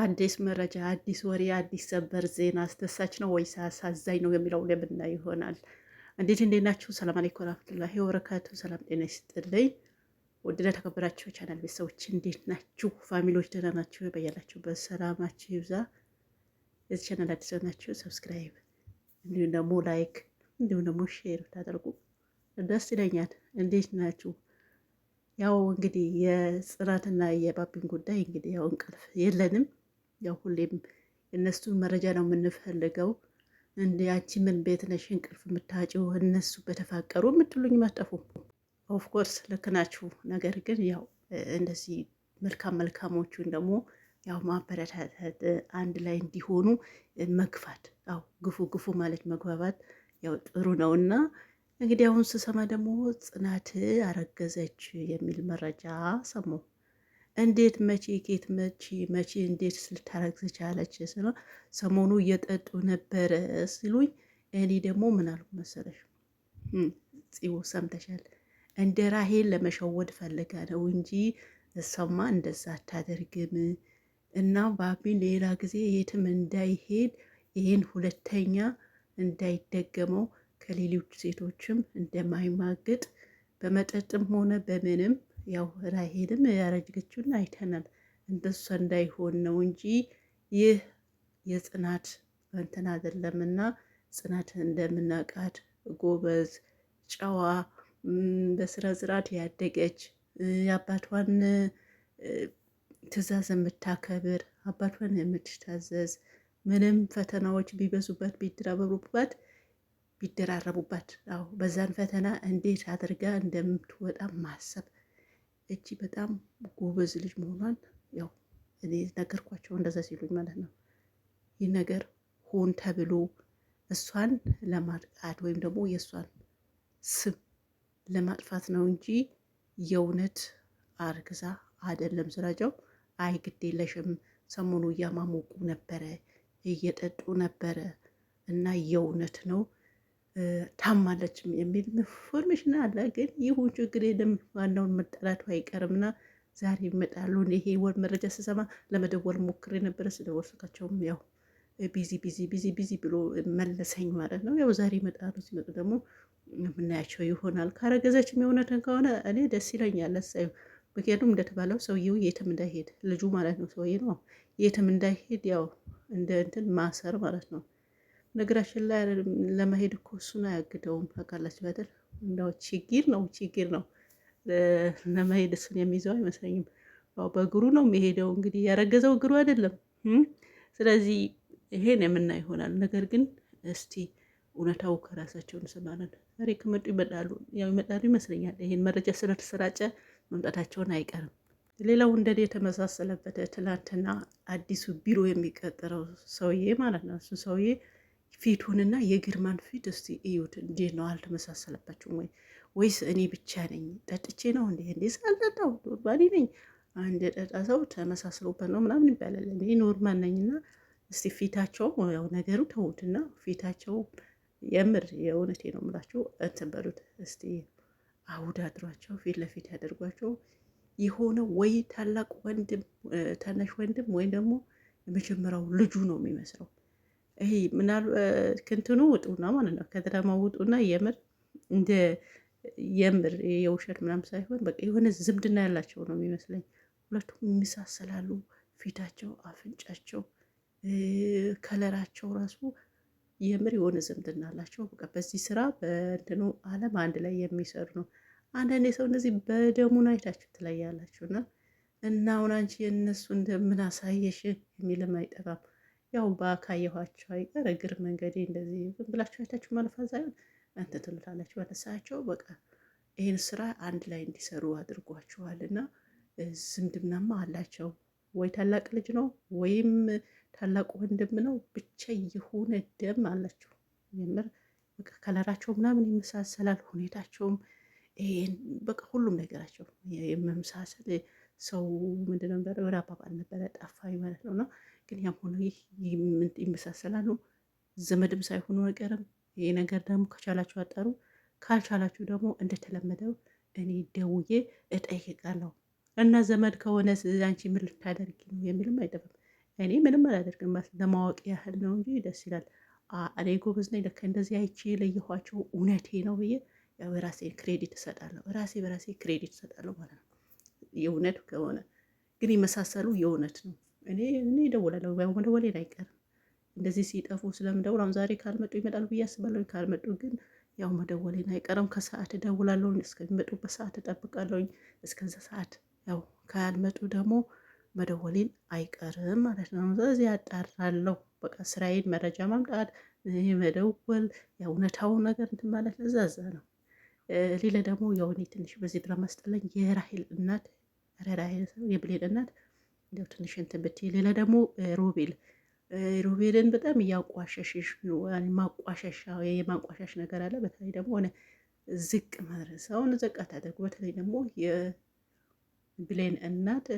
አዲስ መረጃ፣ አዲስ ወሬ፣ አዲስ ሰበር ዜና አስደሳች ነው ወይስ አሳዛኝ ነው የሚለው ለምና ይሆናል። እንዴት እንዴት ናችሁ? ሰላም አለይኩም ወራህመቱላሂ ወበረካቱ። ሰላም ጤና ይስጥልኝ። ወደና ተከበራችሁ ቻናል ቤተሰቦች እንዴት ናችሁ? ፋሚሊዎች ደህና ናችሁ? በያላችሁበት ሰላማችሁ ይብዛ። የዚህ ቻናል አዲስ ናችሁ ሰብስክራይብ፣ እንዲሁም ደግሞ ላይክ፣ እንዲሁም ደግሞ ሼር ታደርጉ ደስ ይለኛል። እንዴት ናችሁ? ያው እንግዲህ የጽናትና የባቢን ጉዳይ እንግዲህ ያው እንቅልፍ የለንም ያው ሁሌም እነሱ መረጃ ነው የምንፈልገው። እንደ ያቺ ምን ቤት ነሽ እንቅልፍ የምታጭው እነሱ በተፋቀሩ የምትሉኝ መጠፉ ኦፍኮርስ ልክ ናችሁ። ነገር ግን ያው እንደዚህ መልካም መልካሞቹን ደግሞ ያው ማበረታታት፣ አንድ ላይ እንዲሆኑ መግፋት፣ ያው ግፉ ግፉ ማለት መግባባት ያው ጥሩ ነው እና እንግዲህ አሁን ስሰማ ደግሞ ጽናት አረገዘች የሚል መረጃ ሰማሁ። እንዴት መቼ ኬት መቼ መቼ እንዴት ስልታረግ ቻለች ስለው ሰሞኑ እየጠጡ ነበረ ሲሉኝ፣ እኔ ደግሞ ምን አልኩ መሰለሽ? ሰምተሻል፣ እንደ ራሄል ለመሸወድ ፈልጋ ነው እንጂ እሷማ እንደዛ አታደርግም። እና ባቢን ሌላ ጊዜ የትም እንዳይሄድ ይህን ሁለተኛ እንዳይደገመው ከሌሎች ሴቶችም እንደማይማግጥ በመጠጥም ሆነ በምንም ያው ራሄልም ያረጀገችውን አይተናል። እንደሷ እንዳይሆን ነው እንጂ ይህ የጽናት እንትን አይደለምና ጽናት እንደምናውቃት ጎበዝ፣ ጨዋ፣ በስነ ስርዓት ያደገች የአባቷን ትዕዛዝ የምታከብር አባቷን የምትታዘዝ ምንም ፈተናዎች ቢበዙበት ቢደራረቡባት ቢደራረቡባት አዎ በዛን ፈተና እንዴት አድርጋ እንደምትወጣ ማሰብ እቺ በጣም ጎበዝ ልጅ መሆኗን ያው እኔ ነገርኳቸው፣ እንደዛ ሲሉኝ ማለት ነው። ይህ ነገር ሆን ተብሎ እሷን ለማጥቃት ወይም ደግሞ የእሷን ስም ለማጥፋት ነው እንጂ የእውነት አርግዛ አይደለም። ስራጃው አይ ግድ የለሽም። ሰሞኑ እያማሞቁ ነበረ፣ እየጠጡ ነበረ እና የእውነት ነው ታማለች የሚል ኢንፎርሜሽን አለ። ግን ይሁን ችግር የለም ዋናውን አይቀርም አይቀርምና ዛሬ ይመጣሉ። ይሄ ወር መረጃ ስሰማ ለመደወል ሞክሬ ነበረ። ስደወል ስልካቸውም ያው ቢዚ ቢዚ ቢዚ ቢዚ ብሎ መለሰኝ ማለት ነው። ያው ዛሬ ይመጣሉ። ሲመጡ ደግሞ የምናያቸው ይሆናል። ካረገዘችም የሆነትን ከሆነ እኔ ደስ ይለኛል። ሳዩ ምክንያቱም እንደተባለው ሰውየው የትም እንዳይሄድ ልጁ ማለት ነው። ሰውዬ ነው የትም እንዳይሄድ ያው እንደ እንትን ማሰር ማለት ነው። ነገራችን ላይ ለመሄድ እኮ እሱን አያግደውም። ታውቃላችሁ አይደል? እንደው ችግር ነው ችግር ነው ለመሄድ እሱን የሚይዘው አይመስለኝም። ያው በእግሩ ነው የሚሄደው። እንግዲህ ያረገዘው እግሩ አይደለም። ስለዚህ ይሄን የምና ይሆናል። ነገር ግን እስቲ እውነታው ከራሳቸው እንሰማለን። ዛሬ ከመጡ ይመጣሉ ይመጣሉ ይመስለኛል። ይሄን መረጃ ስለተሰራጨ መምጣታቸውን አይቀርም። ሌላው እንደኔ የተመሳሰለበት ትናንትና አዲሱ ቢሮ የሚቀጠረው ሰውዬ ማለት ነው እሱ ሰውዬ ፊቱንና የግርማን ፊት እስቲ እዩት። እንዴት ነው አልተመሳሰለባችሁም ወይ? ወይስ እኔ ብቻ ነኝ? ጠጥቼ ነው እንዴ? እንዴ ሳልጠጣው ኖርማሊ ነኝ። አንድ የጠጣ ሰው ተመሳስሎበት ነው ምናምን ይባላል። እኔ ኖርማል ነኝና እስቲ ፊታቸው ያው ነገሩ ተውትና ፊታቸው የምር የእውነቴ ነው የምላችሁ እንትን በሉት እስቲ አውዳድሯቸው፣ ፊት ለፊት ያደርጓቸው። የሆነ ወይ ታላቅ ወንድም፣ ታናሽ ወንድም ወይም ደግሞ የመጀመሪያው ልጁ ነው የሚመስለው ይሄ ምናልባት ክንትኑ ውጡና ማለት ነው ከድራማ ውጡና የምር እንደ የምር የውሸት ምናም ሳይሆን በቃ የሆነ ዝምድና ያላቸው ነው የሚመስለኝ። ሁለቱም የሚሳሰላሉ ፊታቸው፣ አፍንጫቸው፣ ከለራቸው ራሱ የምር የሆነ ዝምድና አላቸው። በቃ በዚህ ስራ በእንትኑ አለም አንድ ላይ የሚሰሩ ነው። አንዳንዴ ሰው እንደዚህ በደሙን አይታችሁ ትለያላችሁ እና እና አሁን አንቺ የእነሱ እንደምን አሳየሽ የሚልም አይጠፋም። ያው ባካየኋቸው አይቀር እግር መንገዴ እንደዚህ ዝም ብላችሁ አይታችሁ ማለፍ ሳይሆን እንትን ትሉታላችሁ። በነሳቸው በቃ ይህን ስራ አንድ ላይ እንዲሰሩ አድርጓችኋል እና ዝምድናማ አላቸው ወይ ታላቅ ልጅ ነው ወይም ታላቅ ወንድም ነው፣ ብቻ የሆነ ደም አላቸው። የምር በቃ ከለራቸው ምናምን ይመሳሰላል። ሁኔታቸውም ይሄን በቃ ሁሉም ነገራቸው የመመሳሰል ሰው ምንድነው ወደ አባባል ነበረ ጠፋኝ ማለት ነው ነው ግን ያም ሆነ ይህ ይመሳሰላሉ። ዘመድም ሳይሆኑ አይቀርም። ይሄ ነገር ደግሞ ከቻላችሁ አጠሩ፣ ካልቻላችሁ ደግሞ እንደተለመደው እኔ ደውዬ እጠይቃለሁ እና ዘመድ ከሆነ አንቺ ምን ልታደርጊ ነው የሚልም አይጠፋም። እኔ ምንም አላደርግም ለማወቅ ያህል ነው እንጂ ደስ ይላል። እኔ ጎበዝ ነኝ ለካ እንደዚህ አይቼ ለየኋቸው እውነቴ ነው ብዬ ያው የራሴ ክሬዲት እሰጣለሁ። ራሴ በራሴ ክሬዲት እሰጣለሁ ማለት ነው። የእውነት ከሆነ ግን የመሳሰሉ የእውነት ነው። እኔ እኔ እደውላለሁ መደወሌን አይቀርም። እንደዚህ ሲጠፉ ስለምደውል አሁን ዛሬ ካልመጡ ይመጣሉ ብዬ አስባለሁ። ካልመጡ ግን ያው መደወሌን አይቀርም። ከሰዓት እደውላለሁ። እስከሚመጡበት ሰዓት እጠብቃለሁኝ። እስከዛ ሰዓት ያው ካልመጡ ደግሞ መደወሌን አይቀርም ማለት ነው። ስለዚህ አጣራለሁ በቃ ስራዬን መረጃ ማምጣት፣ መደወል፣ የእውነታውን ነገር እንትን ማለት እዛዛ ነው። ሌላ ደግሞ የሆኔ ትንሽ በዚህ ድራማ ስጠላኝ የራሄል እናት ራሄል የብሌን እናት እንዲያው ትንሽ እንትን ብትይ። ሌላ ደግሞ ሮቤል ሮቤልን በጣም እያቋሸሽሽ ማቋሸሻ የማቋሸሽ ነገር አለ። በተለይ ደግሞ ሆነ ዝቅ ማድረስ አሁን ዝቅ በተለይ ደግሞ የብሌን እናት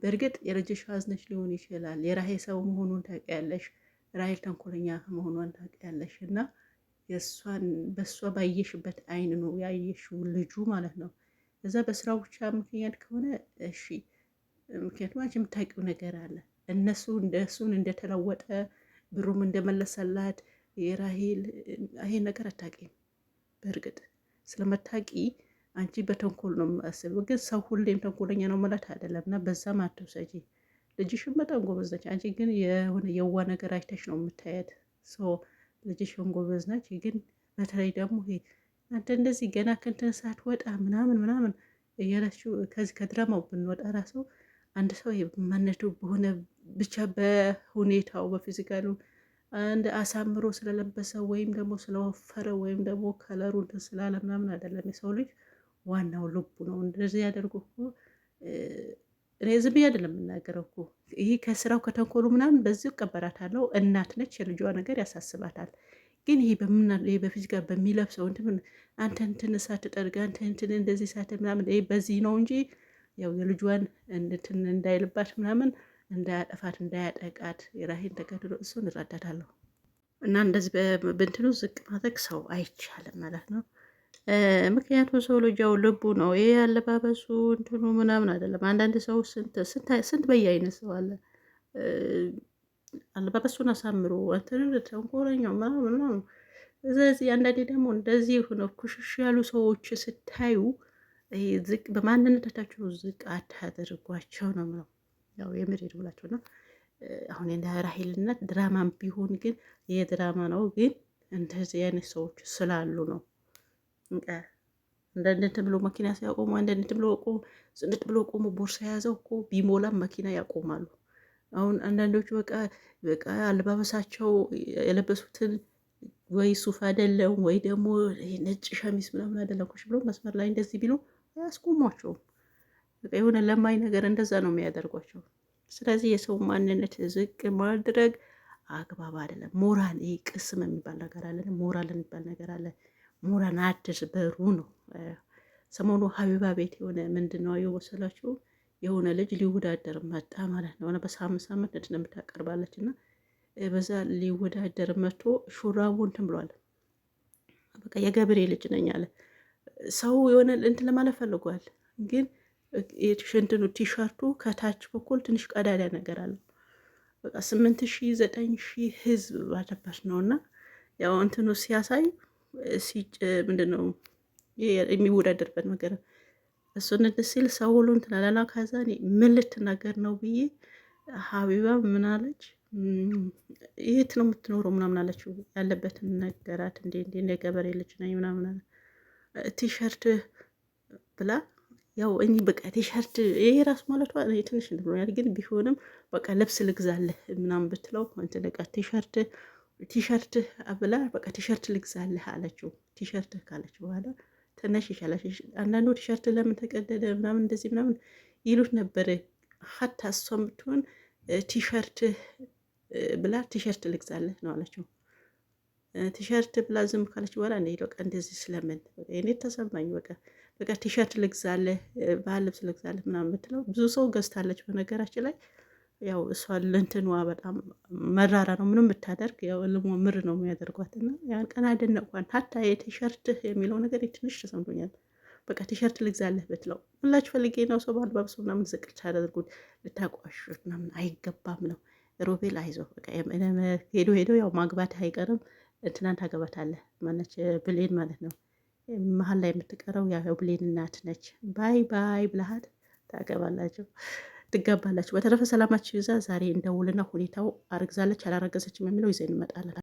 በእርግጥ የረጅሽ ሀዝነች ሊሆን ይችላል። የራሄ ሰው መሆኑን ታውቂያለሽ። ራሄል ተንኮለኛ መሆኗን ታውቂያለሽ። እና የእሷን በእሷ ባየሽበት አይን ነው ያየሽው ልጁ ማለት ነው። እዛ በስራ ብቻ ምክንያት ከሆነ እሺ ምክንያቱም አንቺ የምታውቂው ነገር አለ። እነሱ እሱን እንደተለወጠ ብሩም እንደመለሰላት የራሄል ይሄን ነገር አታውቂም። በእርግጥ ስለመታቂ አንቺ በተንኮል ነው የማስበው። ግን ሰው ሁሌም ተንኮለኛ ነው ማለት አይደለም። እና በዛም አትውሰጂ። ልጅሽን በጣም ጎበዝ ነች። አንቺ ግን የሆነ የዋ ነገር አይተሽ ነው የምታያት። ልጅሽን ጎበዝ ነች። ግን በተለይ ደግሞ አንተ እንደዚህ ገና ከእንትን ወጣ ምናምን ምናምን እያለችው ከዚህ ከድራማው ብንወጣ ራሱ አንድ ሰው ማንነቱ በሆነ ብቻ በሁኔታው በፊዚካሉ አንድ አሳምሮ ስለለበሰ ወይም ደግሞ ስለወፈረ ወይም ደግሞ ከለሩ ስላለ ምናምን አይደለም። የሰው ልጅ ዋናው ልቡ ነው። እንደዚህ ያደርጉ እኮ እኔ ዝም ብዬ አይደለም የምናገረው እኮ ይህ ከስራው ከተንኮሉ ምናምን በዚህ እቀበራታለሁ። እናት ነች፣ የልጇ ነገር ያሳስባታል። ግን ይሄ በፊዚካል በሚለብሰው አንተ እንትን ሳትጠርግ አንተ እንትን እንደዚህ ሳት ምናምን በዚህ ነው እንጂ ያው የልጇን እንትን እንዳይልባት ምናምን እንዳያጠፋት እንዳያጠቃት የራሄን ተከትሎ እሱን እረዳታለሁ። እና እንደዚህ በብንትኑ ዝቅ ማድረግ ሰው አይቻልም ማለት ነው። ምክንያቱም ሰው ልጃው ልቡ ነው። ይሄ አለባበሱ እንትኑ ምናምን አይደለም። አንዳንድ ሰው ስንት በየአይነት ሰው አለ። አለባበሱን አሳምሮ እንትን ተንኮረኛው ምናምን ምናምን። ስለዚህ አንዳንዴ ደግሞ እንደዚህ ሆነ ኩሽሽ ያሉ ሰዎች ስታዩ ዝቅ በማንነታቸው ዝቅ አታደርጓቸው ነው ምለው ያው የምሬድ ብላቸው ነው። አሁን እንደ ራሄልነት ድራማ ቢሆን ግን ይሄ ድራማ ነው። ግን እንደዚህ አይነት ሰዎች ስላሉ ነው እንደንድንት ብሎ መኪና ሲያቆሙ እንደንት ብሎ ቆ ጽድት ብሎ ቆሙ። ቦርሳ የያዘው እኮ ቢሞላም መኪና ያቆማሉ። አሁን አንዳንዶቹ በቃ በቃ አለባበሳቸው የለበሱትን ወይ ሱፍ አይደለም ወይ ደግሞ ነጭ ሸሚስ ምናምን አይደለም ኮሽ ብሎ መስመር ላይ እንደዚህ ቢሉ አያስቆሟቸውም። በቃ የሆነ ለማኝ ነገር እንደዛ ነው የሚያደርጓቸው። ስለዚህ የሰው ማንነት ዝቅ ማድረግ አግባብ አይደለም። ሞራል ይህ ቅስም የሚባል ነገር አለ፣ ሞራል የሚባል ነገር አለ። ሞራል አድስ በሩ ነው። ሰሞኑ ሀቢባ ቤት የሆነ ምንድን ነው የመሰላችሁ የሆነ ልጅ ሊወዳደር መጣ ማለት ነው። በሳምንት ሳምንት እንትን የምታቀርባለች እና በዛ ሊወዳደር መጥቶ ሹራቡ እንትን ብሏል። በቃ የገብሬ ልጅ ነኝ አለ ሰው የሆነ እንትን ለማለት ፈልጓል፣ ግን እንትኑ ቲሸርቱ ከታች በኩል ትንሽ ቀዳዳ ነገር አለው። በቃ ስምንት ሺ ዘጠኝ ሺ ህዝብ ባለበት ነው እና ያው እንትኑ ሲያሳይ ሲጭ ምንድን ነው የሚወዳደርበት ነገር እሱን ሲል ሰው ሁሉ እንትን አለና ከዛ ምን ልትናገር ነው ብዬ ሀቢባ ምናለች የት ነው የምትኖረው ምናምን አለችው። ያለበትን ነገራት። እንዴ እንዴ እንደ ገበሬ ልጅ ነኝ ምናምን አለ ቲሸርት ብላ ያው እኔ በቃ ቲሸርት ይሄ ራሱ እኔ ትንሽ ብሎኛል፣ ግን ቢሆንም በቃ ልብስ ልግዛለህ ምናምን ብትለው እንትን በቃ ቲሸርት ቲሸርት ብላ በቃ ቲሸርት ልግዛለህ አለችው። ቲሸርት ካለች በኋላ ትንሽ ይሻላል። አንዳንዱ ቲሸርት ለምን ተቀደደ ምናምን እንደዚህ ምናምን ይሉት ነበረ። ሀታ እሷም ብትሆን ቲሸርት ብላ ቲሸርት ልግዛለህ ነው አለችው። ቲሸርት ብላ ዝም ካለች በኋላ እንደ በቃ እንደዚህ ስለምን እኔ ተሰማኝ። በቃ በቃ ቲሸርት ልግዛለህ፣ ባህል ልብስ ልግዛለህ ምናምን ምትለው ብዙ ሰው ገዝታለች። በነገራችን ላይ ያው እሷ ልንትንዋ በጣም መራራ ነው ምንም ብታደርግ ያው ልሞ ምር ነው የሚያደርጓት እና ያን ቀን አደነቅኳን። ሀታ የቲሸርትህ የሚለው ነገር ትንሽ ተሰምቶኛል። በቃ ቲሸርት ልግዛለህ ብትለው ሁላች ፈልጌ ነው ሰው በአልባብሶ ምናምን ዝቅ ልታደርጉት ልታቋሹት ምናምን አይገባም ነው ሮቤል አይዞ በቃ ሄዶ ሄዶ ያው ማግባት አይቀርም ትናንት ታገባታለህ ማነች ብሌን ማለት ነው። መሀል ላይ የምትቀረው ያው ብሌን እናት ነች። ባይ ባይ ብልሃት ታገባላችሁ ትጋባላችሁ። በተረፈ ሰላማችሁ ይዛ ዛሬ እንደውልና ሁኔታው አርግዛለች አላረገዘችም የሚለው ይዘን እንመጣለን።